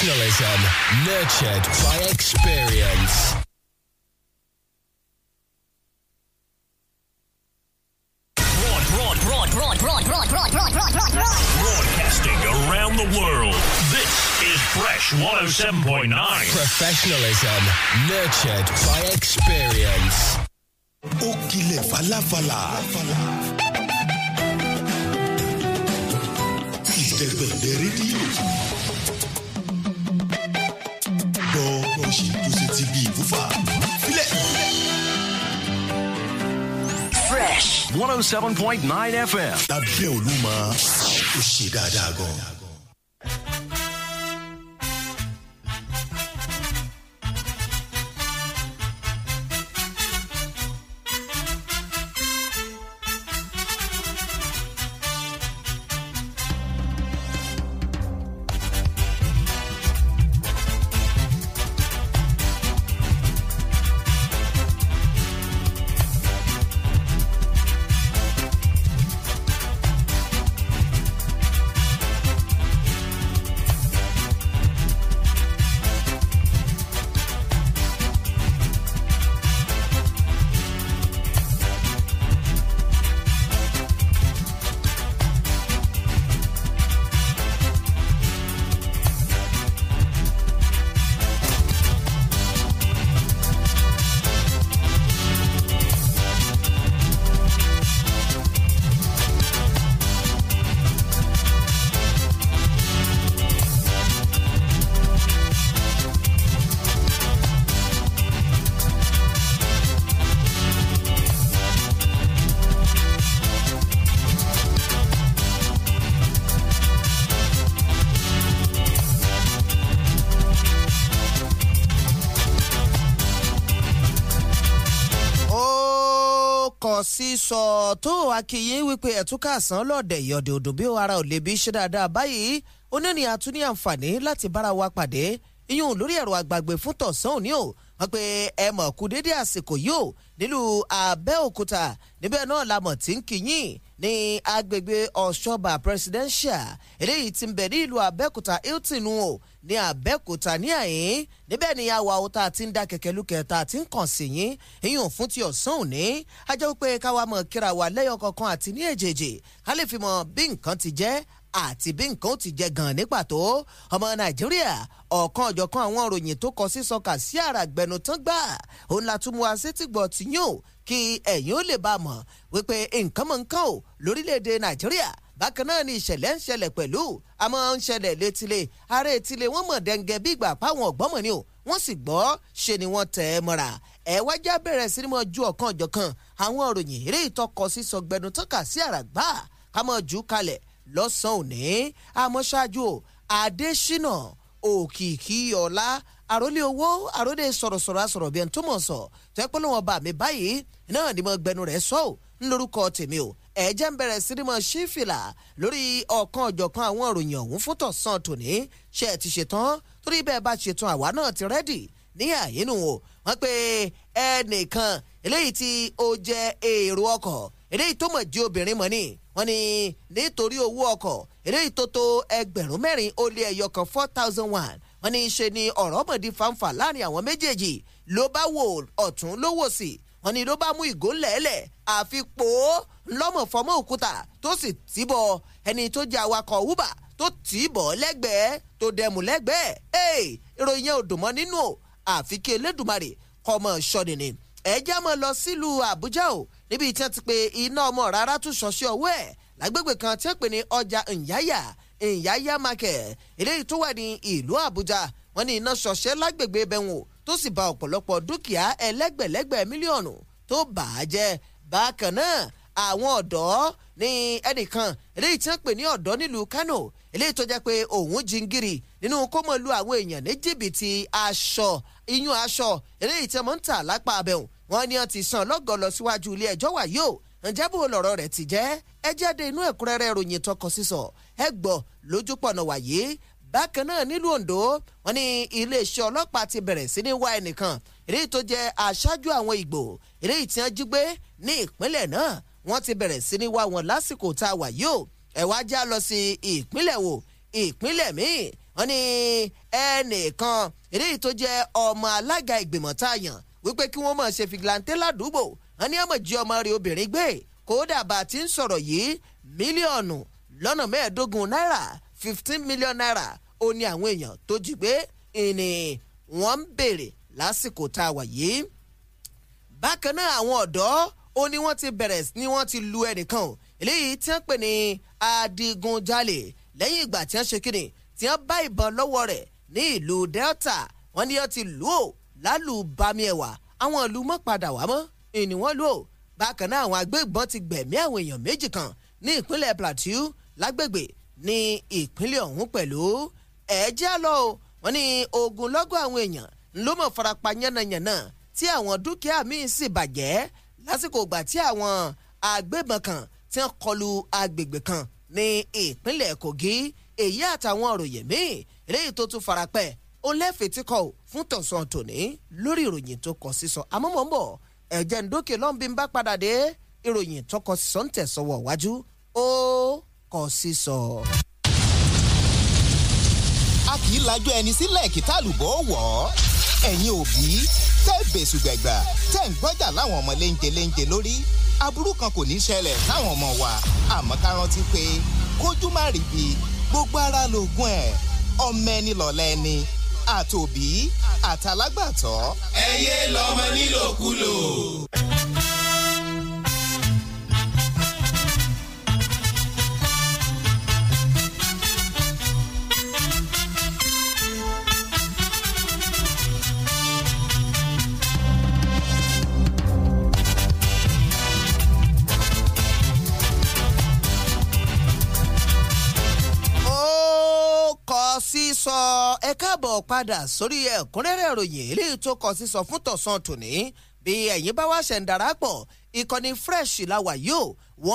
Professionalism nurtured by experience. Broadcasting around the world. This is Fresh 107.9. Professionalism nurtured by experience. ó kilẹ̀ falafala. ìdẹ̀gbẹ̀dẹ̀ rédíò. Fresh 107.9 FM. That's olumo Olúmọ, Ushida ṣe sọ̀tún akínyìn wípé ẹ̀túnkà sàn lọ́ọ̀dẹ̀ ìyọ̀dẹ̀ òdò bí ara ò lè bí ṣe dáadáa báyìí onírìn àtún ní àǹfààní láti bára wa pàdé iyún lórí ẹ̀rọ àgbàgbé fún tọ̀sán òní o wọ́n pe ẹ mọ̀ kú dédé àsìkò yìí o nílùú Abẹ́òkúta níbẹ̀ náà la mọ̀ tí ń kíyìn ní agbègbè Ọ̀ṣọ́bà presidential eléyìí tí ń bẹ ní ìlú Abẹ́òkúta Hilton o ní Abẹ́òkúta ní àyín níbẹ̀ ni àwa o tá a ti ń da kẹ̀kẹ́ lukẹ̀ tá a ti ń kàn sí yín ìyún fún ti ọ̀sán òní a jẹ́ pé káwa mọ̀ kíra wa lẹ́yọ kọ̀ọ̀kan àti ní èjèèjì ká lè fi mọ̀ bí nǹkan ti jẹ́ àti bí nǹkan ó ti jẹ gan ní pàtó ọmọ nàìjíríà ọ̀kan ọ̀jọ̀kan àwọn òròyìn tó kọ sí sọkà sí àràgbẹ̀nu tán gbà òun la tún mú wa sétí gbọ̀ tí kí ẹ̀yin ó lè bá a mọ̀ wípé nǹkan mọ̀ nǹkan ò lórílẹ̀‐èdè nàìjíríà bákan náà ni ìṣẹ̀lẹ̀ ń ṣẹlẹ̀ pẹ̀lú àmọ́ ń ṣẹlẹ̀ létílé ààrẹ ìtílé wọ́n mọ̀ dẹ́ngẹ́ bí ìgbà páwọn ọ̀gbọ́mọ̀ ni o wọ́n sì gbọ́ ṣe ni wọ́n tẹ̀ ẹ́ mọ́ra ẹ̀ wájà bẹ̀rẹ̀ sí ni mo ju ọ̀kan ọ̀jọ̀kan àwọn òròyìn eré ìtọkọ sísọ gbẹnu tọ́ka sí àràgbà kámọ́ jù kalẹ̀ lọ́sàn-án òní àmọ́ ṣáájú o Adésínà òkìkí ọlá àròlé owó àròlé sọ̀rọ̀sọ̀rọ̀ asọ̀rọ̀ bíi ẹni tó mọ̀ sọ tẹ́pẹ́ lọ́wọ́ bá mi báyìí náà ni mo gbẹnu rẹ̀ sọ ò tèmi o ẹ̀jẹ̀ ń bẹ̀rẹ̀ sí rímọ̀ sífìlà lórí ọ̀kan ọ̀jọ̀kan àwọn òròyìn ọ̀hún fún tọ̀sán tòní ṣe ti ṣetán torí bẹ́ẹ̀ bá ṣetán àwa náà ti rẹ́dì ní àyínú o wọ́n pe ẹnìkan eléyìí tí ó jẹ́ èrò ọkọ̀ eléyìí tó mọ̀ jí obìnrin mọ̀ ni wọ́n ní nítorí owó ọkọ̀ eléyìí tó tó ẹgbẹ̀rún mẹ́rin ó lé ẹyọ four thousand one wọ́n ní ṣe ni ọ̀rọ̀ mọ̀dí fanfa láàrin àwọn méjèèjì ló bá wò ọ̀tún ló sí wọ́n ní ló bá mú ìgò lẹ́lẹ̀ àfi pòó lọ́mọ̀ fọmọ́ òkúta tó sì tìbọ̀ ẹni tó jẹ́ awakọ̀ uber tó tìbọ̀ lẹ́gbẹ̀ẹ́ tó dẹ̀mù lẹ́gbẹ̀ẹ́ ee ìròyìn yẹn ò dùn mọ́ nínú o àfi kí elédùnmarè kọmọ ṣọ́nìní ẹ̀já mọ́ lọ sílùú àbújá o níbi tí wọ́n ti pe iná ọmọ rárá tún ṣọṣẹ́ ọwọ́ ẹ̀ lágbègbè kan tí wọ́n pè ní ọjà ǹyáyà ǹyáyà market eléyìí tó wà ní ìlú àbújá wọ́n ní iná ṣọṣẹ́ lágbègbè ibẹ̀ wọn tó sì bà ọ̀pọ̀lọpọ̀ dúkìá ẹlẹ́gbẹ̀lẹ́gbẹ̀ mílíọ̀nù tó bà jẹ́ bákan náà àwọn ọ̀dọ́ ní ẹnìkan eléyìí tí wọ́n pè ní ọ̀dọ́ nílùú Kánò eléyìí tó jẹ́ pé òun jingiri nínú kó mọ̀ lu àwọn èèyàn ní jìbìtì aṣọ iyún aṣọ eléyìí tí wọ́n ń tà lápá abẹ́hùn wọ́n ní wọ́n ti san lọ́gọ̀ lọ síwájú ilé ẹjọ́ wà yóò ǹjẹ́ bó lọ̀rọ̀ rẹ̀ ti jẹ́ ẹ jáde inú ẹ̀kúnrẹ́rẹ́ ròyìn tọkọ sísọ ẹ gbọ́ lójú pọ̀nà wàyí bákan náà nílùú Ondo wọ́n ní iléeṣẹ́ ọlọ́pàá ti bẹ̀rẹ̀ sí ní wá ẹnìkan eléyìí tó jẹ́ aṣáájú àwọn Ìgbò eléyìí tí wọ́n jí gbé ní ìpínlẹ̀ náà wọ́n ti bẹ̀rẹ̀ sí ní wá wọn lásìkò tá a wà yìí o ẹ̀ wá já lọ sí ìpínlẹ̀ wo ìpínlẹ̀ míì wọ́n ní ẹnìkan eléyìí tó jẹ́ ọmọ alága ìgbìmọ̀ tá a yàn wípé kí wọ́n máa ṣe fìgìláńtẹ́ ládùúgbò wọ́n ní ọmọ jí ọmọ rẹ̀ obìnrin gbé kódà bá a ti ń sọ̀rọ̀ yìí mílíọ̀nù lọ́nà mẹ́ẹ̀ẹ́dógún náírà fifteen million naira ó ní àwọn èèyàn tó jí gbé ìní wọ́n ń béèrè lásìkò tá a wà yìí. bákan náà àwọn ọ̀dọ́ ó ní wọ́n ti bẹ̀rẹ̀ ni wọ́n ti lu ẹnìkan o eléyìí tí wọ́n pè ní adigunjalè lẹ́yìn ìgbà tí wọ́n ṣe kíni tí wọ́n bá ìbọn lọ́wọ́ rẹ̀ ní ìlú Delta wọ́n ní wọ́n ti lù ó lálùbami ẹ̀wà àwọn ìlú mọ́ padà wá mọ́ ìní wọ́n lù ó bákan náà àwọn agbébọn ti gbẹ̀mí àwọn èèyàn méjì kan ní ìpínlẹ̀ Plateau lágbègbè ní ìpínlẹ̀ ọ̀hún pẹ̀lú ẹ̀ẹ́jẹ́ lọ o wọ́n ní ogunlọ́gọ̀ àwọn èèyàn ló mọ̀ farapa yánnayànna tí àwọn dúkìá míì sì bàjẹ́ lásìkò ìgbà tí àwọn agbébọn kan ti ń kọlu agbègbè kan ní ìpínlẹ̀ Kogi èyí àtàwọn òròyìn míì eléyìí tó tún farapẹ́ ó lẹ́fẹ̀ẹ́tìkọ̀ fún tọ̀sán tòní lórí ìròyìn tó kọ sísọ amọ́mọ́bọ̀ ẹ̀jẹ̀ ń dókè lọ́nbí ń bá padà dé ìròyìn tó kọ sísọ ń tẹ̀sọ́wọ́ wájú ó kọ sísọ a kì í lajọ ẹni sílẹ̀ kí wọ̀ ẹ̀yin òbí tẹ́ bẹ̀sù gbẹ̀gbà tẹ́ ń gbọ́jà láwọn ọmọ léńjẹ léńjẹ lórí aburú kan kò ní ṣẹlẹ̀ láwọn ọmọ wa àmọ́ ká rántí pé kójú má rí bi gbogbo ara lògùn ẹ̀ ọmọ ẹni lọ̀lẹ́ ẹni àtòbí àtàlágbàtọ́. ẹ yé lọmọ nílòkulò. sísọ ẹ káàbọ̀ padà sórí ẹ̀kúnrẹ́rẹ́ ìròyìn eléyìí tó kọ sísọ fún tọ̀sán tòní bí ẹ̀yin bá wá ṣẹ̀ ń darapọ̀ ìkànnì fresh làwà yóò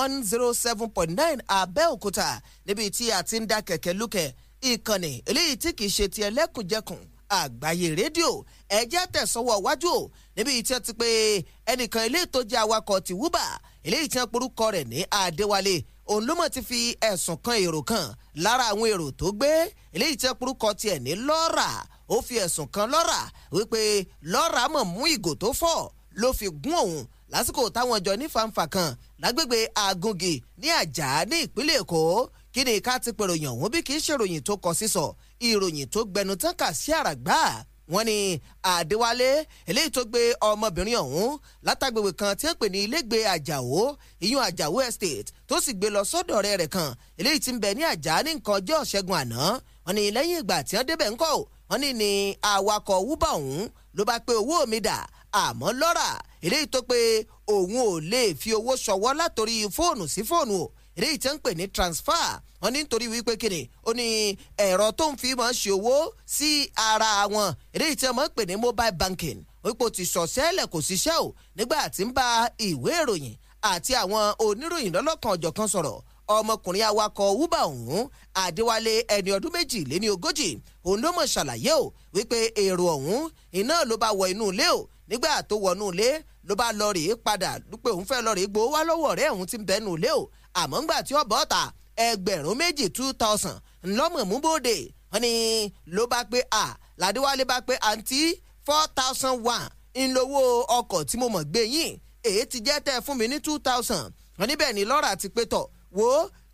one zero oh seven point nine abẹ́òkúta níbi tí a ti ń da kẹ̀kẹ́ lúkẹ̀ ìkànnì eléyìí tí kìí ṣe ti ẹlẹ́kùnjẹkùn àgbáyé rédíò ẹ̀jẹ̀ tẹ̀sánwó wájú o níbi tí wọ́n ti pé ẹnìkan eléyìí tó jẹ́ awakọ̀ ti wúbà eléyìí tí wọ́n porúkọ rẹ̀ ní adéwálé òun ló mọ̀ ti fi ẹ̀sùn kan èrò kan lára àwọn èrò tó gbé eléyìí tẹ́ porúkọ tiẹ̀ ní lọ́ra ó fi ẹ̀sùn kan lọ́ra wípé lọ́ra mọ̀ mú ìgò tó fọ́ ló fi gún òun lásìkò táwọn jọ ní fanfa kan lágbègbè agungi ní àjà ní ìpínlẹ̀ èkó kí ni ká ti pèròyìn ọ̀hún bí kì í ṣèròyìn tó kọ sísọ ìròyìn tó gbẹnu tán kà sí àràgbà wọ́n ní àdéwálé eléyìí tó gbé ọmọbìnrin ọ̀hún látàgbègbè kan tí ó pè ní ilégbè àjàó ìyún àjàó estate tó sì gbé lọ sọ́dọ̀ ọ̀rẹ́ rẹ̀ kan eléyìí tí ń bẹ ní àjà ní nǹkan ọjọ́ ṣẹ́gun àná wọ́n ní lẹ́yìn ìgbà tí wọ́n débẹ̀ ńkọ́ wọ́n ní ní awakọ̀ wúbà ọ̀hún ló bá pé owó mi dà àmọ́ lọ́ra eléyìí tó pé òun ò lè fi owó ṣọwọ́ látòrí fóònù sí fóònù o eléyìí tí wọ́n ń pè ní transfer wọ́n ní nítorí wípé kíni ó ní ẹ̀rọ tó ń fi máa ṣe owó sí ara wọn eléyìí tí wọ́n ń pè ní mobile banking wípé ti sọ̀sẹ́lẹ̀ kò ṣiṣẹ́ o nígbà tí ń bá ìwé ìròyìn àti àwọn oníròyìn lọ́lọ́kan ọ̀jọ̀kan sọ̀rọ̀ ọmọkùnrin awakọ̀ uber ọ̀hún adéwálé ẹni ọdún méjì lé ní ogójì òun ló mọ̀ ṣàlàyé o wípé èrò ọ̀hún iná ló bá wọ inú ilé o nígbà tó wọnú ilé ló bá lọ rèé padà pé òun fẹ́ lọ rèé gbowó wá lọ́wọ́ ọ̀rẹ́ òun ti bẹ́nu ilé o àmọ́ ńgbà tí ó bọ́ ta ẹgbẹ̀rún méjì two thousand ńlọ́mọ̀múbòde wọn ni ló bá pé a ládéwálé bá pé àǹtí four thousand one ńlọ́wọ́ ọkọ̀ tí mo mọ̀ gbé yín èyí ti jẹ́ tẹ́ fún mi ní two thousand wọn níbẹ̀ ni lọ́ra ti pé tọ̀ wo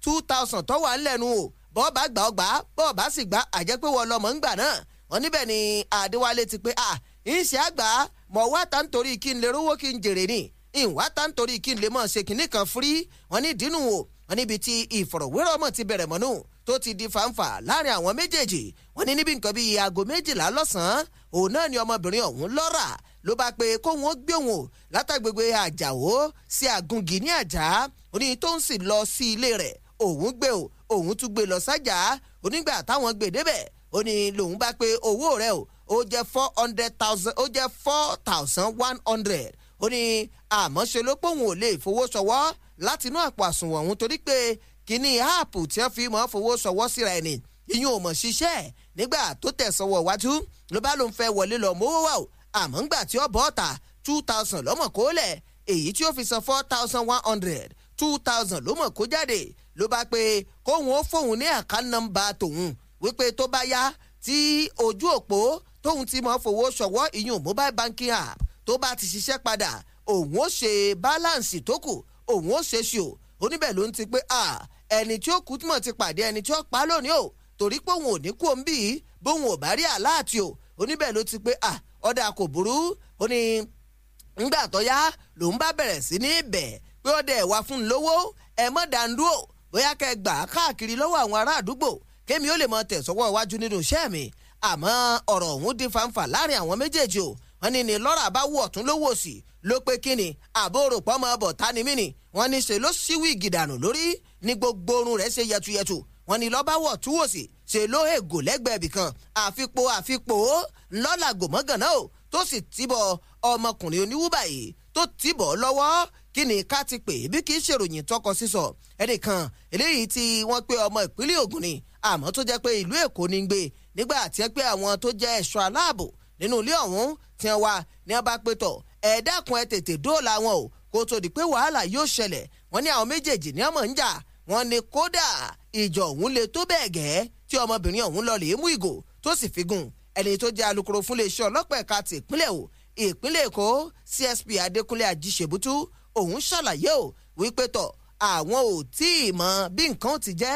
two thousand tó wà ńlẹ̀nu o bọ́ọ̀ bá gbà ọ́ gbà bọ́ọ̀ bá sì gbà àjẹpẹ́wọ́ lọ́mọ ńgbà náà wọn níbẹ̀ ni àdéwálé ti pé a ń ṣe àgbà mọ̀ wá ta nítorí kí n lè rówó kí n jèrè ni ìwà tá ń torí kí n lè mọ̀ ṣe kinní kan fúrí wọn ní dínú o wọn níbi tí ìfọ̀rọ̀wérọ̀ mọ̀ ti bẹ̀rẹ̀ mọ́nú tó ti di fàǹfà láàrin àwọn méjèèjì wọn ní níbi nǹkan bíi aago méjìlá lọ́sàn-án òun náà ni ọmọbìnrin ọ̀hún lọ́ra ló bá pe kóhun ó gbé òun látàgbègbè àjàwó sí àgùngì ní àjà oní tó ń sì lọ sí ilé rẹ̀ òun gbé o òun tún gbé lọ sájà onígbà táwọn gbé débẹ̀ ó ní lòun bá pe owó rẹ̀ o ó jẹ́ four hundred thousand ó jẹ́ four thousand one hundred ó ní àmọ́ ṣe ló pòun ò lè fowósọwọ́ látinú àpò àsùnwọ̀n òun torí pé kíní áàpù tí wọ́n fi mọ́ fowósọwọ́ síra ẹni ìyún ò mọ̀ ṣiṣẹ́ nígbà tó tẹ̀sánwó wájú ló bá ló fẹ́ wọlé lọ mówó wà ó àmọ́ ńgbà tí ó bọ́ ọ̀tà two thousand lọ́mọ̀ kó lẹ̀ èyí tí ó fi san four thousand one hundred two thousand ló mọ̀ kó jáde ló bá pé kóun ó fóun ní àká nọ́mbà tòun wípé tó bá yá tí ojú òpó tóun ti mọ̀ fowó ṣọwọ́ ìyún mobile banking app tó bá ti ṣiṣẹ́ padà òun ó ṣe báláǹsì tó kù òun ó ṣe ṣù oníbẹ̀ ló ń ti pé ẹni tí ó kú mọ̀ ti pàdé ẹni tí ó pa lónìí o torí pé òun ò ní kú òun bíi bóun ò bá rí àláàtì o oníbẹ̀ ló ti pé ọ̀dà kò burú ó ní ngbà tó yá lòun bá bẹ̀rẹ̀ sí ní bẹ̀ pé ọ̀dà ẹ̀wà fún un lówó ẹ̀ mọ̀ dàndú o bóyá kẹ́ gbà á káàkiri lọ́wọ́ àwọn ará àdúgbò kémi ó lè mọ tẹ̀sọ́wọ́ iwájú nínú iṣẹ́ mi àmọ́ ọ̀rọ̀ ọ̀hún di fanfa láàrin àwọn méjèèjì o wọ́n ní ní lọ́ra bá ọ̀tún ló wò sí ló pé kíni àbórò pọ́mọ ọbọ̀ ta ni mí ni wọ́n ní ṣe ló ṣíwì gìdànù lórí ní gbogbo orun rẹ̀ ṣe yẹtuyẹtu wọ́n ní lọ́ba wọ̀ tún wò sí ṣe ló hègò lẹ́gbẹ̀ẹ́ ibìkan àfipò àfipò lọ́la gòmọ́gànná o tó sì tìbọ̀ ọmọkùnrin oníwúbà yìí tó tìbọ̀ lọ́wọ́ kí ni ká ti pè bí kì í ṣèròyìn tọkọ sísọ ẹnìkan eléyìí tí wọ́n pé ọmọ ìpínlẹ̀ Ògùn ni àmọ́ tó jẹ́ pé ìlú Èkó ni gbé nígbà tí ẹ pé àwọn tó jẹ́ ẹ̀ṣọ́ aláàbò nínú ilé ọ̀hún tí wọ́n wà ní wọ́n bá pé tọ̀ ẹ dákun ẹ tètè dóòlà wọn o kó tó di pé wàhálà yóò ṣẹlẹ̀ wọ́n ní àwọn méjèèjì ní ọmọ ń jà wọ́n ní kódà ìjọ ọ̀hún le tó bẹ́ẹ̀ gẹ́ tí ọmọbìnrin ọ̀hún lọ lèé mú ìgò tó sì fi gùn ẹni tó jẹ́ alukoro fún iléeṣẹ́ ọlọ́pàá ẹ̀ka ti ìpínlẹ̀ o ìpínlẹ̀ èkó CSP adékúnlé ajíṣebútú òun ṣàlàyé o wípé tọ̀ àwọn ò tí ì mọ bí nǹkan ti jẹ́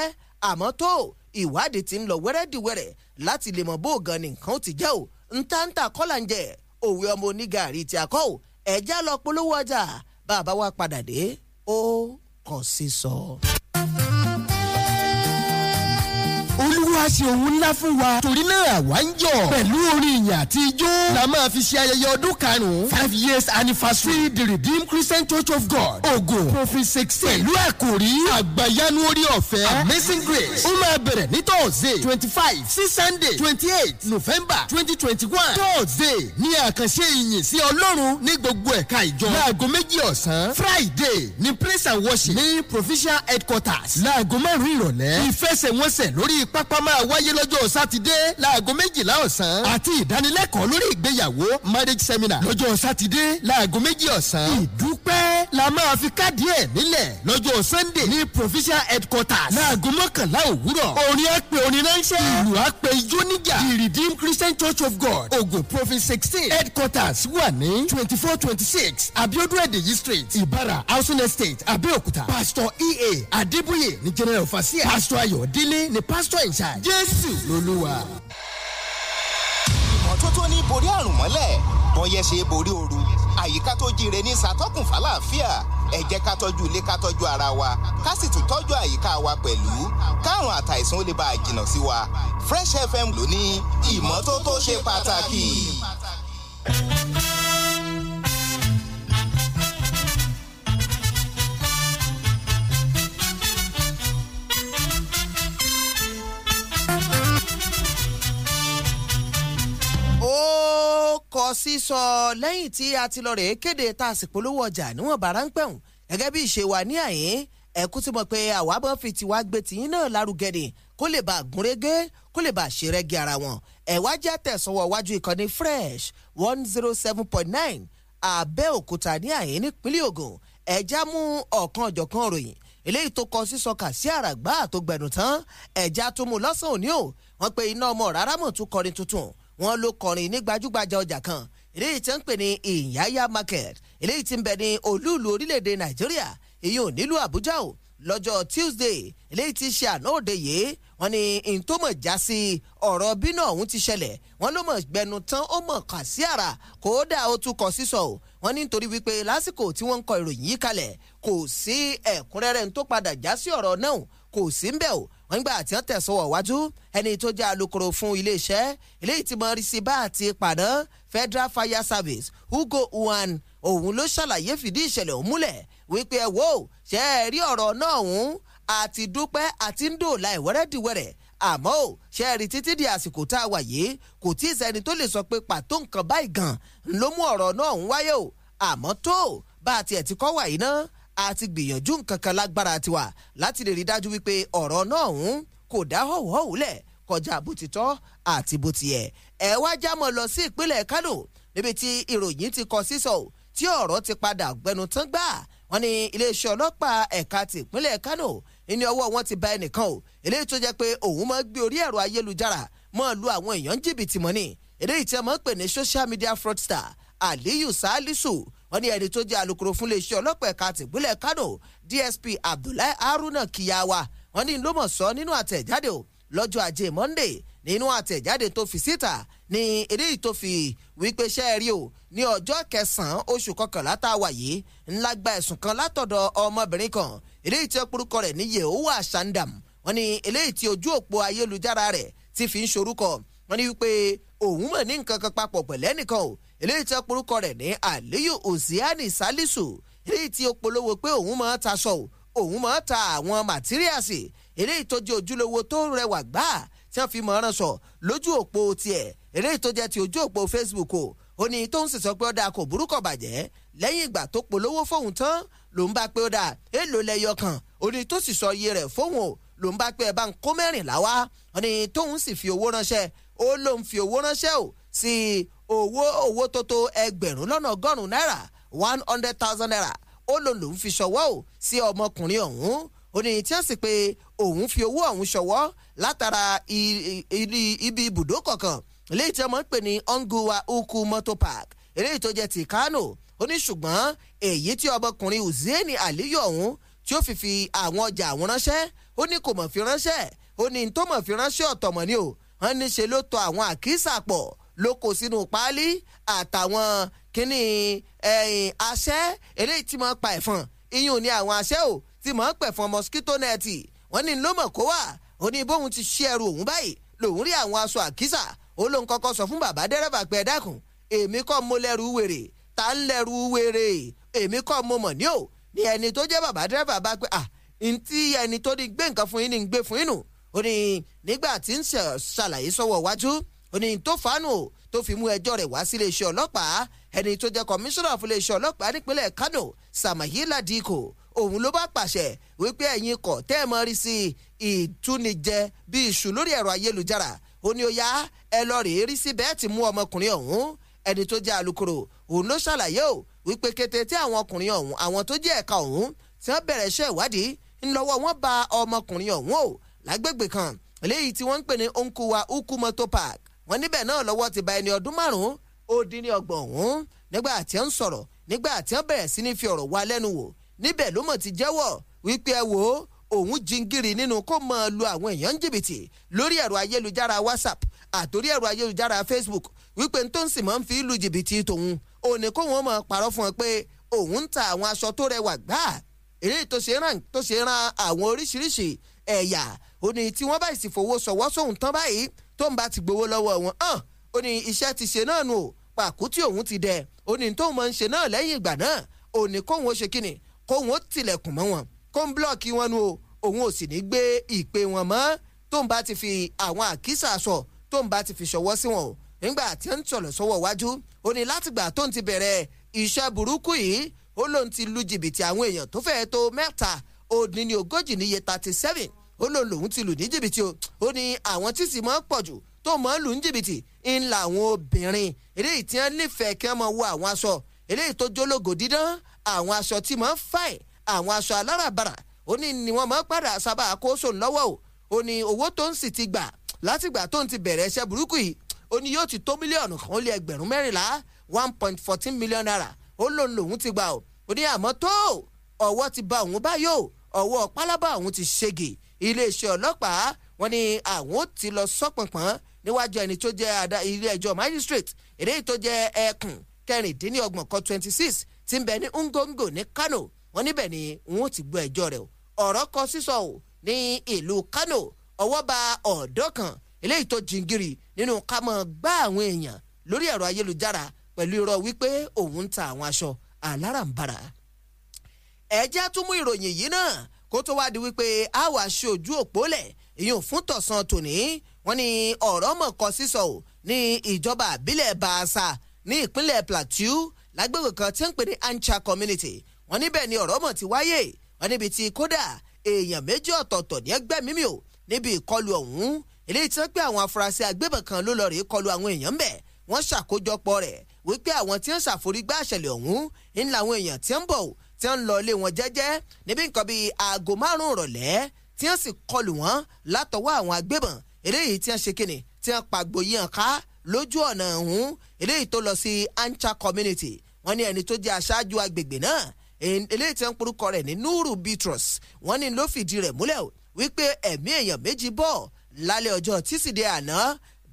àmọ́ tó ìwádìí ti ń lọ wẹ́rẹ́díwẹ́rẹ́ láti lè mọ̀ bó gan ni nǹkan ó ti jẹ́ o ntántà kọ́là ń jẹ òwe ọmọ onígàárí ti akọ́ o ẹ̀já lọ polówó ọjà bàbá wa padà dé ó kàn sí sọ olúwa ṣe òun ńlá fún wa torí náà àwa ń yọ̀ pẹ̀lú orin ìyìn àti ijó la máa fi ṣe ayẹyẹ ọdún karùn-ún five years anniversary the redeemed christian church of god ògo prophet sixteen pẹ̀lú àkòrí àgbàyanu orí ọ̀fẹ́ amazing grace ó máa bẹ̀rẹ̀ ní thursday twenty five sí sunday twenty eight november twenty twenty one thursday ní àkànṣe ìyìn sí ọlọ́run ní gbogbo ẹ̀ka ìjọ láago méjì ọ̀sán friday ni praise and worship ní provincial headquarters láago márùn-ún ìrọ̀lẹ́ ìfẹsẹ̀wọnsẹ̀ lórí pápá máa wáyé lọ́jọ́ sátidé láago méjìlá ọ̀sán àti ìdánilẹ́kọ̀ọ́ lórí ìgbéyàwó marriage seminar lọ́jọ́ sátidé láago méjì ọ̀sán ìdúpẹ́ la máa fi káàdì ẹ̀ nílẹ̀ lọ́jọ́ sunday ní provincial headquarters láago mọ́kànlá òwúrọ̀ orin àpè orin ránṣẹ́ ìlú àpè ijó níjà the redeemed christian church of god ogun province sixteen headquarters wà ní twenty four twenty six abiodun edeyi street ibara housing estate abeokuta pastor ea adébúyè ní general fasia pastor ayọ̀délé ní pastor in jésù lolúwa. ìmọ́tótó ní borí àrùn mọ́lẹ̀ bọ́yẹ ṣe borí ooru àyíká tó jíire ní ṣàtọ́kùn fàlàáfíà ẹ jẹ́ ká tọ́jú ilé ká tọ́jú ara wa ká sì tún tọ́jú àyíká wa pẹ̀lú káàrùn àtàìsàn ó lè bá a jìnnà sí wa Fresh FM ló ní ìmọ́tótó ṣe pàtàkì. sísọ lẹ́yìn tí a ti lọ rèé kéde tá a sì polówó ọjà níwọ̀n bàrà ń pẹ̀hùn gẹ́gẹ́ bí ìṣe wa ní àyín ẹ̀kú ti mọ̀ pé àwábọ̀ fi tiwa gbé tìyín náà lárugẹ̀dẹ̀ kó lè bá gúnrégé kó lè bá ṣerẹ́gi ara wọn ẹ̀wá tẹ̀sánwọ́ wájú ìkànnì fresh one zero seven point nine àbẹ́òkúta ní àyín nípínlẹ̀ Ògùn ẹ̀já mú ọ̀kan ọ̀jọ̀kan òròyìn eléyìí tó kọ sísọ kà sí àràgbá àtògbẹ̀nù tán ẹ̀já tó mú lọ́sàn-án òní o wọ́n pe iná ọmọ rárá mọ̀ tún kọrin tuntun wọ́n ló kọrin ní gbajúgbajà ọjà kan eléyìí tí ń pè ní ìyáyá market eléyìí tí ń bẹ ní olúùlú orílẹ̀-èdè nàìjíríà èyí ò nílùú àbújá o lọ́jọ́ tuesday eléyìí ti ṣe àná òde yìí wọ́n ní ntòmọ̀ já sí ọ̀rọ̀ bí náà ọ̀hún ti ṣẹlẹ̀ wọ́n ló mọ̀ gbẹnu tán ó mọ̀ kà sí àrà kódà ó tún kọ sísọ o wọ́n ní nítorí wípé lásìkò tí wọ́n ń kọ ìròyìn yìí kalẹ̀ kò sí ẹ̀kúnrẹ́rẹ́ ń tó padà já sí ọ̀rọ̀ náà kò sí ń bẹ̀ o wọ́n gbà tí wọ́n tẹ̀sán wọ̀ wájú ẹni tó jẹ́ alukoro fún iléeṣẹ́ eléyìí tí mo rí bá àti pàdán Federal Fire Service Ugo Uwan òun ló ṣàlàyé fìdí ìṣẹ̀lẹ̀ òun múlẹ̀ wípé ẹ wò ó ṣe é rí ọ̀rọ̀ náà òun àti dúpẹ́ àti ń dòòlà ìwẹ́rẹ́dìwẹ́rẹ́ àmọ́ ò ṣe é rí títí di àsìkò tá a wà yìí kò tí ì sẹ́ni tó lè sọ pé pàtó nǹkan báyìí gan ló mú ọ̀rọ̀ náà ń wáyé o àmọ́ tó bá a tiẹ̀ ti kọ́ wà yìí náà a ti gbìyànjú nǹkan kan lágbára tiwa láti lè rí dájú wípé ọ̀rọ̀ náà ọ̀hún kò dá họ̀wọ̀họ̀wù lẹ̀ kọjá bó ti tọ́ àti bó ti yẹ. ẹ wá já mọ́ lọ sí ìpínlẹ̀ Kánò níbi tí ìròyìn ti kọ sísọ tí ọ̀rọ̀ ti padà gbẹnu tán gbà wọ́n ní iléeṣẹ́ ọlọ́pàá ẹ̀ka ti ìpínlẹ̀ Kánò ní ọwọ́ wọn ti bà ẹnìkan o eléyìí tó jẹ́ pé òun máa gbé orí ẹ̀rọ ayélujára máa lu àwọn èèyàn jìbìtì mọ́ ni eléyìí tí a máa ń pè ní social media fraudster Aliyu Salisu wọ́n ní ẹni tó jẹ́ alukoro fún iléeṣẹ́ ọlọ́pàá ẹ̀ka tìpínlẹ̀ Kano DSP Abdullahi Haruna Kiyawa wọ́n ní ló mọ̀ sọ nínú àtẹ̀jáde o lọ́jọ́ ajé Monday nínú àtẹ̀jáde tó fi síta ní eléyìí tó fi wípé ṣẹ́ ẹ rí o ní ọjọ́ kẹsàn-án oṣù kọkànlá tá a wà yìí ńlá gba ẹ̀sùn kan látọ̀dọ̀ ọmọbìnrin kan eléyìí tí ó porúkọ rẹ̀ ní Yehowa Shandam wọ́n ní eléyìí tí ojú òpó ayélujára rẹ̀ ti fi ń ṣorúkọ wọ́n ní wípé òun mọ̀ ní nǹkan kan papọ̀ pẹ̀lẹ́ o eléyìí tí ó porúkọ rẹ̀ ní Aliyu Uziani Salisu eléyìí tí ó polówó pé òun máa ta sọ òun máa ta àwọn màtíríàsì eléyìí tó jẹ́ ojúlówó tó rẹwà gbáà tí wọ́n fi mọ̀ ọ́ràn sọ lójú òpó tiẹ̀ eléyìí tó jẹ́ ti ojú òpó Facebook o ó ní tó ń sì sọ pé ọ̀dà kò burúkọ̀ bàjẹ́ lẹ́yìn ìgbà tó polówó fóun tán ló bá pé ọ̀dà èèlò lẹ́yọ kan ní tó sì sọ iye rẹ̀ fóun o ló ń bá pé ẹ bá ń kó mẹ́rìnlá wá ó ní tóun sì fi owó ránṣẹ́ ó lóun fi owó ránṣẹ́ o sí owó owó tó tó ẹgbẹ̀rún lọ́nà ọgọ́rùn-ún náírà one hundred thousand naira ó lòun lòun fi ṣọwọ́ ò sí ọmọkùnrin ọ̀hún ó ní tí ó sì pé òun fi owó ọ̀hún ṣọwọ́ látara ibi ibùdó kọ̀ọ̀kan eléyìí tí ọmọ ń pè ní onguwa uku motor park eléyìí tó jẹ́ ti Kano ó ní ṣùgbọ́n èyí tí ọmọkùnrin Usaini Aliyu ọ̀hún tí ó fi fi àwọn ọjà àwọn ránṣẹ́ ó ní kò mọ̀ fi ránṣẹ́ ó ní tó mọ̀ fi ránṣẹ́ ọ̀tọ̀ ni o wọ́n ní ṣe ló tọ àwọn àkísà pọ̀ ló kó sínú páálí àtàwọn kínní ẹ̀yìn aṣẹ́ eléyìí tí mo pa ẹ̀fọn iyún ni àwọn aṣẹ́ ò tí mo pẹ̀fọn mosquito net wọ́n ní ló mọ̀ kó wà ó ní bóun ti ṣí ẹrù òun báyìí lòun rí àwọn aṣọ àkísà ó lóun kọ́kọ́ sọ fún bàbá dẹ́rẹ́bà pé ẹ dákun èmi kọ́ mo lẹ́rù wèrè ta ń lẹ́rù wèrè èmi kọ́ mo mọ̀ ní o ní ẹni tó jẹ́ bàbá dẹ́rẹ́bà bá pé ah ntí ẹni tó ní gbé nǹkan fún yín ní gbé fún yín nù ó ní nígbà tí ń ṣàlàyé sọ́wọ́ wájú ó ní tó fàánù o tó fi mú ẹjọ́ rẹ̀ wá sí iléeṣẹ́ ọlọ́pàá ẹni tó jẹ́ kọmíṣánná fún iléeṣẹ́ ọlọ́pàá nípínlẹ̀ Kano Samahila Dikko òun ló bá pàṣẹ wípé ẹ̀yin kọ̀ tẹ́ ẹ mọ́ rí sí ìtúnijẹ bí iṣu lórí ẹ̀rọ ayélujára ó ní ó yá ẹ lọ rèé rí sí bẹ́ẹ̀ ti mú ọmọkùnrin ọ̀hún ẹni tó jẹ́ alukoro òun ló ṣàlàyé o wípé kété tí àwọn ọkùnrin ọ̀hún àwọn tó jẹ́ ẹ̀ka ọ̀hún tí wọ́n bẹ̀rẹ̀ iṣẹ́ ìwádìí ńlọ́wọ́ wọn bá ọmọkùnrin ọ̀hún o lágbègbè kan eléyìí tí wọ́n ń pè ní onkuwa ukumoto park wọ́n níbẹ̀ náà lọ́wọ́ ti ba ẹni ọdún márùn-ún ó dín ní ọgbọ̀n ọ̀hún nígbà tí ó ń sọ̀rọ̀ nígbà tí ó bẹ̀rẹ̀ sí ní fi ọ̀rọ̀ wá lẹ́nu wò níbẹ̀ ló mọ̀ ti jẹ́wọ́ wípé ẹ wò ó òun jingiri nínú kó mọ̀ lu àwọn èèyàn ń jìbìtì lórí ẹ̀rọ ayélujára whatsapp àtòrí ẹ̀rọ ayélujára facebook wípé n tó ń sì mọ̀ ń fi lu jìbìtì tòun òní kó wọn mọ̀ parọ́ fún ọ pé òun ń ta àwọn aṣọ tó rẹwà gbáà èyí tó ṣe ràn tó ṣe ràn àwọn oríṣiríṣi ẹ̀yà òní tí wọ́n bá sì sọ̀wọ́ sóhun tán báyìí tó ń bá ti gbowó lọ́wọ́ wọn hàn ó ní iṣẹ́ ti ṣe náà nù ó pàkú tí òun ti dẹ ó ní tóun máa ń ṣe náà lẹ́yìn ìgbà náà ó ní kóun ó ṣe kíni kóun ó tilẹ̀kùn mọ́ wọn kó ń blọ́ọ̀kì wọn nu o òun ò sì ní gbé ìpè wọn mọ́ tóun bá ti fi àwọn àkísà sọ tóun bá ti fi ṣọwọ́ sí wọn o nígbà tí ń tọ̀lọ̀ sọ́wọ́ wájú ó ní látìgbà tóun ti bẹ̀rẹ̀ iṣẹ́ burúkú yìí ó lóun ti lu jìbìtì àwọn èèyàn tó fẹ́ẹ́ tó mẹ́ta ó dín ogójì níye thirty seven ó lòun lòun ti lù ní jìbìtì o ó ní àwọn tí sì máa ń pọ̀ jù tó máa ń lù ní jìbìtì ń la àwọn obìnrin eléyìí tí wọ́n nífẹ̀ẹ́ kí wọ́n máa wọ àwọn aṣọ eléyìí tó jólógo dídán àwọn aṣọ tí máa ń fàì àwọn aṣọ aláràbarà ó ní ni wọ́n máa ń padà sábà àkóso lọ́wọ́ o ó ní owó tó ń sì ti gbà látìgbà tó ń ti bẹ̀rẹ̀ iṣẹ́ burúkú yìí ó ní yóò ti tó mílíọ̀nù kan ó lé ẹgbẹ̀rún mẹ́rìnlá one point fourteen million naira ó lòun lòun ti gbà o ó ní àmọ́ tó ti ba òun báyò ọwọ́ pálábá òun ti iléeṣẹ́ ọlọ́pàá wọ́n ní àwọn ti lọ sọ́pọ̀npọ̀n níwájú ẹni tó jẹ́ ilé ẹjọ́ magistrate eléyìí tó jẹ́ ẹkùn kẹrìndínlọ́gbọ̀n kan twenty six ti ń bẹ ní Ngongo ní Kano wọ́n níbẹ̀ ni wọ́n ti gbọ́ ẹjọ́ rẹ̀ ọ̀rọ̀ kọ sísọ ò ní ìlú Kano ọwọ́ ba ọ̀dọ́ kan eléyìí tó jingiri nínú kámọ́ gbá àwọn èèyàn lórí ẹ̀rọ ayélujára pẹ̀lú irọ́ wípé òun ń ta àwọn aṣọ alárànbarà ẹ tún mú ìròyìn yìí náà kó tó wá di wípé a wà ṣe ojú òpó lẹ̀ ìyún fún tọ̀sán tòní wọ́n ni ọ̀rọ̀ mọ̀kọ sísọ ò ní ìjọba àbílẹ̀ baasa ní ìpínlẹ̀ plateau lágbègbè kan tí ń pè ní ancha community wọ́n níbẹ̀ ni ọ̀rọ̀ mọ̀ ti wáyé wọ́n níbi tí kódà èèyàn méjì ọ̀tọ̀ọ̀tọ̀ ní ẹgbẹ́ mímì ò níbi ìkọlù ọ̀hún eléyìí tí wọ́n pé àwọn afurasí agbébọn kan ló lọ rèé kọlù àwọn èèyàn ń bẹ̀ wọ́n ṣàkójọpọ̀ rẹ̀ wípé àwọn tí ń ṣàforígbá àṣẹlẹ̀ ọ̀hún ń àwọn èèyàn tí ń bọ̀ tí wọ́n ń lọ ilé wọn jẹ́jẹ́ níbi nǹkan bíi aago márùn-ún ìrọ̀lẹ́ tí wọ́n sì kọlù wọ́n látọwọ́ àwọn agbébọn eléyìí tí wọ́n ṣe kíni tí wọ́n pa gbòyàn ká lójú ọ̀nà ọ̀hún eléyìí tó lọ sí ancha community wọ́n ní ẹni tó jẹ́ aṣáájú agbègbè náà eléyìí tí wọ́n porúkọ rẹ̀ ní nuru bitrus wọ́n ní ló fìdí rẹ̀ múlẹ̀ wípé ẹ̀mí èèyàn méjì bọ̀ lálẹ́ ọjọ́ tísídẹ̀ẹ́ àná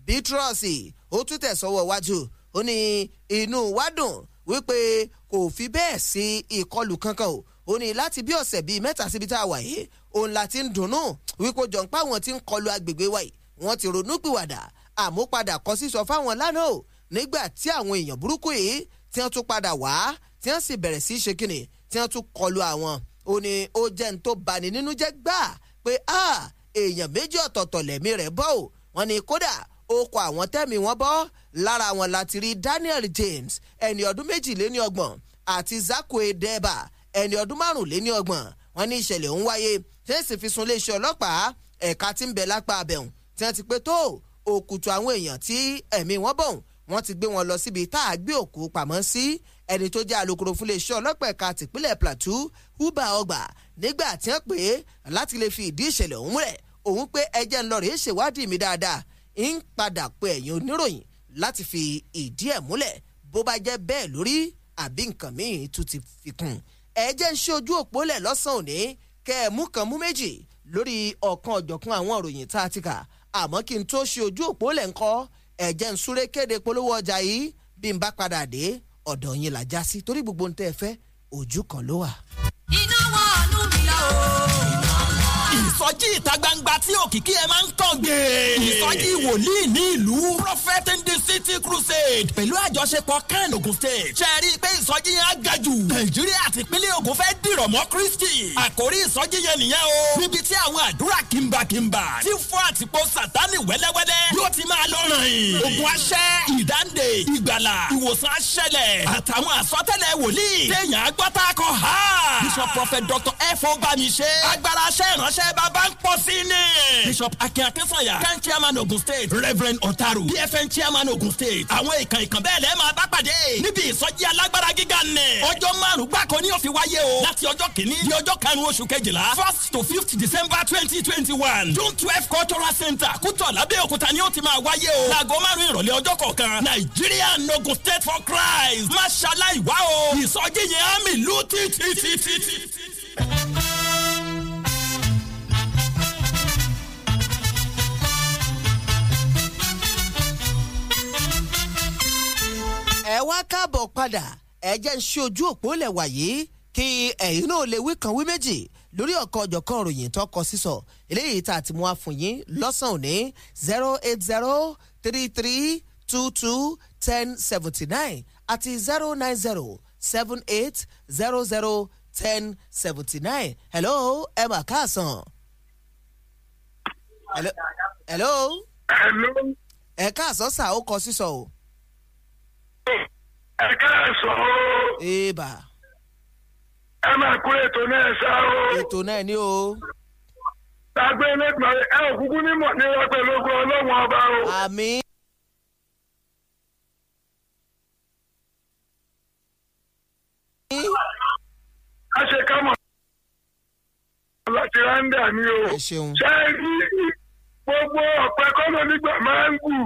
bitrus ó tún tẹ̀sọ́wọ́ wájú ó ní inú wa wípé kò fi bẹ́ẹ̀ sí ìkọlù kankan o ó ní láti bí ọ̀sẹ̀ bíi mẹ́ta síbi tá a wà yìí òun la ti ń dùnnú wípé jọ̀ ń pa àwọn tí ń kọlù agbègbè wa yìí wọ́n ti ronú pìwàdà àmúpadà kọ sísọ fáwọn lánàá o nígbà tí àwọn èèyàn burúkú yìí tí wọ́n tún padà wá tí wọ́n sì bẹ̀rẹ̀ sí í ṣe kíni tí wọ́n tún kọlù àwọn ó ní ó jẹ́ ní tó bani nínú jẹ́ gbà pé èèyàn méjì ọ̀tọ̀ọ̀tọ̀ lẹ̀mí rẹ̀ bọ́ ò wọ́n ní kódà orúkọ àwọn tẹ́mi wọn bọ́ lára wọn láti rí Daniel James ẹni ọdún méjìléní ọgbọ̀n àti Zakwe Deba ẹni ọdún márùnléní ọgbọ̀n wọn ní ìṣẹ̀lẹ̀ ń wáyé tí wọ́n sì fi sun iléeṣẹ́ ọlọ́pàá ẹ̀ka tí ń bẹ lápá abẹ́hùn tí wọ́n ti pé tó òkùtù àwọn èèyàn tí ẹ̀mí wọn bọ̀ wọ́n ti gbé wọn lọ síbi tá a gbé òkú pamọ́ sí ẹni tó jẹ́ alukoro fún iléeṣẹ́ ọlọ́pàá ẹ̀ka tìpínlẹ̀ Plateau Uba Ọgbà nígbà tí wọ́n pè é láti lè fi ìdí ìṣẹ̀lẹ̀ ọ̀hún rẹ̀ òun pé ẹjẹ́ ńlọrọ̀ yìí mi dáadáa ń padà pe ẹ̀yin oníròyìn láti fi ìdí ẹ̀ múlẹ̀ bó bá jẹ́ bẹ́ẹ̀ lórí àbí nǹkan míì tún ti fi kún ẹ jẹ́ ń ṣe ojú òpó lẹ̀ lọ́sàn-án òní kẹ́ ẹ mú kan mú méjì lórí ọ̀kan ọ̀jọ̀kan àwọn ìròyìn tá a ti kà àmọ́ kí n tó ṣe ojú òpó lẹ̀ ńkọ́ ẹ jẹ́ ń súré kéde polówó ọjà yìí bí n bá padà dé ọ̀dọ̀ yín là sí torí gbogbo ohun tẹ́ ẹ fẹ́ ojú kan ló wà. iná wọ ọ̀nù ìsọjí ìta gbangba tí òkìkí ẹ máa ń kàn ìsọjí wòlíì ní ìlú. prophet in the city crusade. pẹ̀lú àjọṣepọ̀ kan Ogun state. ṣe rí i pé ìsọjí yẹn á ga jù. nàìjíríà àti ìpínlẹ̀ Ogun fẹ́ dìrọ̀ mọ́ kristi. àkórí ìsọjí yẹn nìyẹn o. níbi tí àwọn àdúrà kìmbàkìmbà ti fọ́ àsìkò sàtánì wẹ́lẹ́wẹ́lẹ́ yóò ti máa lọ ràn yín. ogun aṣẹ́ ìdáǹdè ìgbàlà ìwòsàn aṣẹlẹ̀ àtàwọn àsọtẹ́lẹ̀ wòlíì téèyàn agbọ́tà kọ ha. bishop prophet dr f o bámiṣe agbára aṣẹ́ ìránṣẹ́ bàbá ń pọ̀ sí ni. bishop akin akinsanya kan chairman ogun state reverend otaru bfn chairman ogun state àwọn ìkan ìkan bẹ́ẹ̀ lẹ́ẹ̀ máa bá pàdé níbi ìsọjí alágbára gíga nẹ̀. ọjọ́ márùn-ún gbáko ni yóò fi wáyé o láti ọjọ́ kìíní di ọjọ́ karùn oṣù kejìlá first to fifth december twenty twenty one june twelve cultural media center kútọ̀ lábẹ́òkúta ni ó ti máa wáyé o. láago márùn-ún ìrọ̀lẹ́ ọjọ́ kọ̀ọ̀kan nàìjíríà nogun state for christ má ṣaláì wá o. ìsọjí yẹn á lù títí. ẹ wá káàbọ̀ padà ẹ jẹ́ ń ṣe ojú òpó lẹ̀ wàyí kí ẹ̀yin náà lè wí kan wí méjì lórí ọ̀kan ọ̀jọ̀kan ròyìn tọkọ sísọ eléyìí tá a ti mú wa fún yín lọ́sàn-án òní zero eight zero three three two two ten seventy nine àti zero nine zero seven eight zero zero ten seventy nine hello ẹ mà káàsán. hello. hello. ẹ káàsán sà ó kọ sísọ o. ẹ káàsán o. ẹ bá. ẹ máa kó ètò náà ṣá o. ètò náà ni o. lágbé nígbà ẹ ò kúkú nímọ̀ níwọ̀ pẹ̀lú ogun ọlọ́run ọba o. àmín. a ṣe ká mọ̀ láti ráńdà ni o. ṣé rí gbogbo ọ̀pẹ kọ́nà nígbà máa ń gùn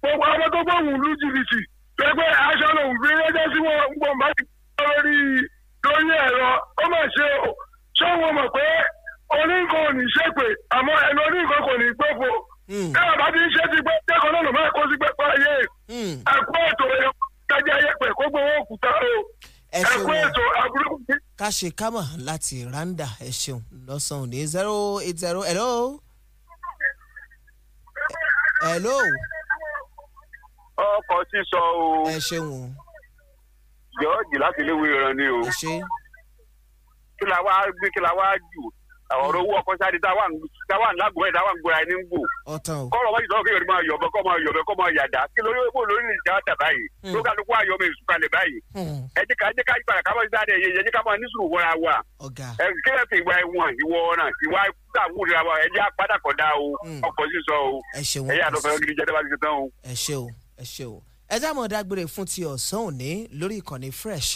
gbogbo ọmọ tó gbóhùn lójijì pé pé aṣọ lòun fi rẹ́jọ́ sí wọn gbọ̀ngbà lórí. orí ẹ̀rọ ó mà ṣe o ṣé wọn mọ̀ pé oníkan ò ní ṣépè àmọ́ ẹnu oníkan kò ní gbófo ẹ hmm. bàbá ti ń ṣe ti gbé kẹ́kọ̀ọ́ náà ló máa kó sí pẹ́pẹ́ ayé hmm. ẹ̀kú ètò ẹ̀rọ kájà ayẹ́pẹ̀ kó gbowó òkúta o ẹ̀kú ètò àbúrò. ká ṣe kámọ̀ láti randa ẹ ṣeun lọ́sàn-án òní zero eight zero hello. hello. ọkọ̀ sísọ o. ẹ ṣeun o jọ́ọ̀jì láti léwu ìran ni o. kí la wá gbé kí la wá jù ọ̀rọ̀ owó ọkọ sáré táwa ń lágùn mẹ́ta táwa ń gbóra ẹni ń gbò. kọ́rọ̀ wájú sọ́kè yọ̀ọ́ máa yọ̀bẹ kọ́ máa yọ̀bẹ kọ́ máa yàdá kí lórí owó lórí ní ìjà dà báyìí hmm. ló ká ló kó àyọ̀ mi sùkalẹ̀ báyìí. Hmm. ẹ jẹ́ ká jẹ́ ká padà ká máa sáré ẹ̀yẹ ẹ jẹ́ ká máa ní sùúrù wọra wa. ẹ kí ẹ fi ìwà ẹ̀wọ̀n ìwọ ọ̀ràn ìwà àwùjọ wa ẹ jẹ́ apádàkọ̀dá o hmm. ọkọ̀ sísọ o ẹ yà ẹ já mọ̀ dágbére fún ti ọ̀sán òní lórí ìkànnì fresh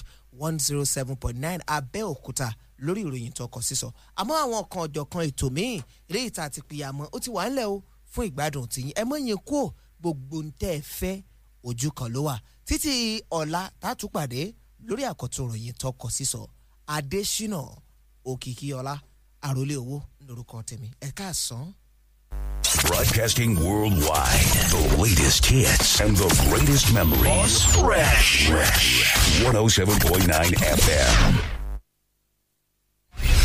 one zero seven point nine abẹ́òkúta lórí ìròyìn tó kọ sísọ àmọ́ àwọn kan ọ̀jọ̀kan ètò míì eré ìta àti pìyàmọ́ ó ti wà ńlẹ̀ o fún ìgbádùn tìyín ẹ mọ̀ yẹn kú ò gbogbo ń tẹ́ ẹ fẹ́ ojú kan ló wà títí ọ̀la tàtúpàdé lórí àkọ́tún ìròyìn tó sísọ Adésínà Òkìkíọlá àròlé owó lórúkọ tèmi ẹ̀ka àsán Broadcasting worldwide, the latest hits and the greatest memories. Fresh, Fresh. 107.9 FM.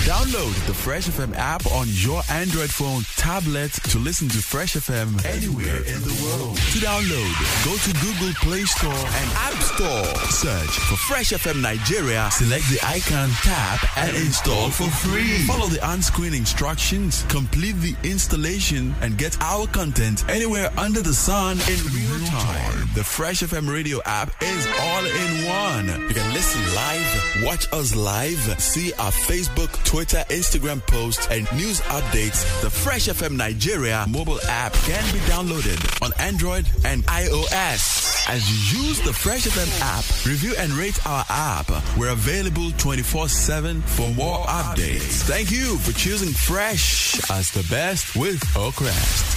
Download the Fresh FM app on your Android phone, tablet to listen to Fresh FM anywhere in the world. To download, go to Google Play Store and App Store. Search for Fresh FM Nigeria, select the icon, tap, and install for free. Follow the on screen instructions, complete the installation, and get our content anywhere under the sun in real time. The Fresh FM radio app is all in one. You can listen live, watch us live, see our Facebook, Twitter, Instagram posts, and news updates. The Fresh FM Nigeria mobile app can be downloaded on Android and iOS. As you use the Fresh FM app, review and rate our app. We're available 24 7 for more updates. Thank you for choosing Fresh as the best with Oakrest.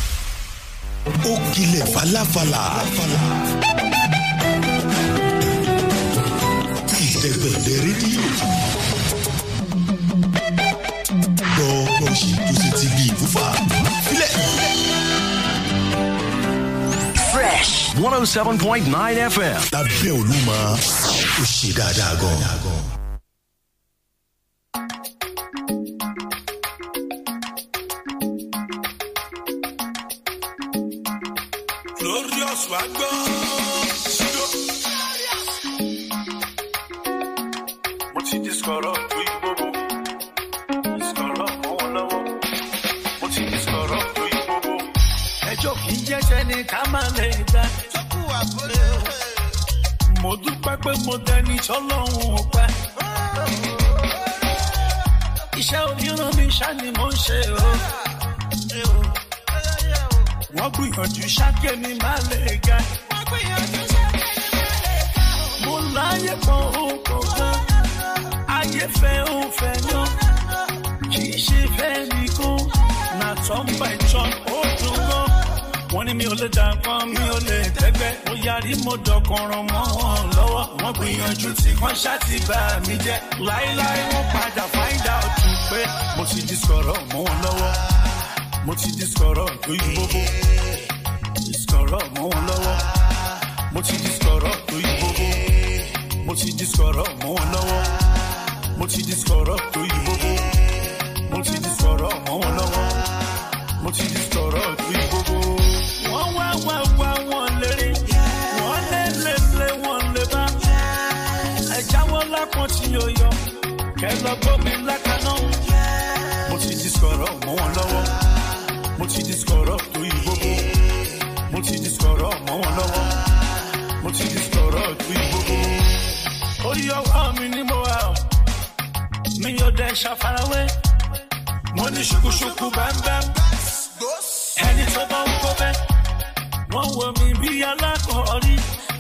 ó kilẹ̀ falafala. ìdẹ̀gbẹ̀dẹ̀ rédíò. lọ́ọ́ ṣì tó ṣe ti bí ìfúfà. filẹ̀. fresh one oh seven point nine fm. lábẹ́ Olúmọ ó ṣe dáadáa gan-an. lórí ọ̀sùn àgbọ̀. mo ti di sọ̀rọ̀ tó igbó bo sọ̀rọ̀ mọ́ wọn lọ́wọ́ mo ti di sọ̀rọ̀ tó igbó bo. ẹjọ́ kì í jẹ́sẹ̀ ni ká má lè dá. mo dúpẹ́ pé mo dẹni sọ́lọ́hún ọ̀pá. iṣẹ́ òmíràn mi ṣá ni mo ń ṣe o. Oh wọ́n gbìyànjú ṣáké mi má lè ga. wọ́n gbìyànjú ṣáké mi má lè ga. mo láyé kan òun kò gan ayé fẹ́ òun fẹ́ náà kì í ṣe fẹ́ mi kún na turn by turn ó dùn gan. wọ́n ní mi ò lè dàgbọ́n mi ò lè tẹ́gbẹ́ mo yarí mo dọ̀kọ̀ràn mọ́ wọn lọ́wọ́ wọ́n gbìyànjú tí wọ́n ṣáàtì bá mi jẹ́ láéláé wọ́n padà find out pé mo ti di sọ̀rọ̀ mọ́ wọn lọ́wọ́ mo ti di sọ̀rọ̀ tó yí bóbó sọ̀rọ̀ mọ́ wọn lọ́wọ́ mo ti di sọ̀rọ̀ tó yí bóbó mo ti di sọ̀rọ̀ mọ́ wọn lọ́wọ́ mo ti di sọ̀rọ̀ tó yí bóbó mo ti di sọ̀rọ̀ mọ́ wọn lọ́wọ́ mo ti di sọ̀rọ̀ tó yí bóbó. wọ́n wá wá wá wọn lérí wọ́n lé lé lé wọ́n lé bá ẹ̀já wọn lápọ̀ tí yóò yọ kẹ́ gbọ́ mi lákaná mo ti di sọ̀rọ̀ mọ́ wọn lọ́wọ́ ti di sọ̀rọ̀ tó yí gbogbo mo ti di sọ̀rọ̀ mọ́ wọn lọ́wọ́ mo ti di sọ̀rọ̀ tó yí gbogbo. orí mi ni mo wà ó mi yóò dẹ ṣàfarawé mo shuku ṣùkúṣùkú bam ẹni tó bá ń kó bẹ́ẹ̀ wọ́n wọ mi bí alákọ̀ọ́rí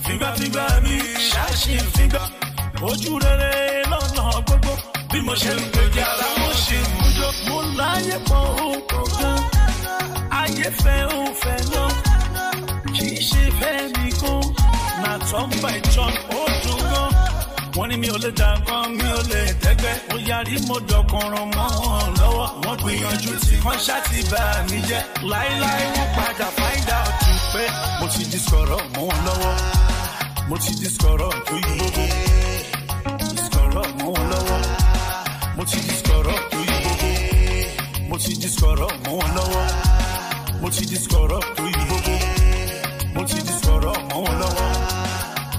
fígbàfígbà mi ṣáàṣì fígbà ojú rere lọ́nà gbogbo bí mo ṣe ń gbèjà ara mo ṣe ń mújọ mo láyé pọ̀ ó kọ̀ọ̀kan ayé fẹ́ ó fẹ́ lọ kì í ṣe fẹ́ nìkan máa tọ́ bá ìjọ́n ó dùn gan. wọ́n ní mi ò lè dàgbọ́n mi ò lè tẹ́gbẹ́ ó yarí mo dọ̀kọ̀ràn mọ́ wọn lọ́wọ́ wọ́n gbìyànjú tí wọ́n ṣáàtì bá mi jẹ́ láéláé wọ́n padà find out pé mo ti di sọ̀rọ̀ mọ́ wọn lọ́wọ́ mo ti di sọ̀rọ̀ tó yí gbogbo sọ̀rọ̀ mọ́ wọn lọ́wọ́ mo ti di ti di sọ̀rọ̀ mọ́ wọn lọ́wọ́ mo ti di sọ̀rọ̀ tó yí gbogbo mo ti di sọ̀rọ̀ mọ́ wọn lọ́wọ́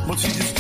mo ti di sọ̀rọ̀.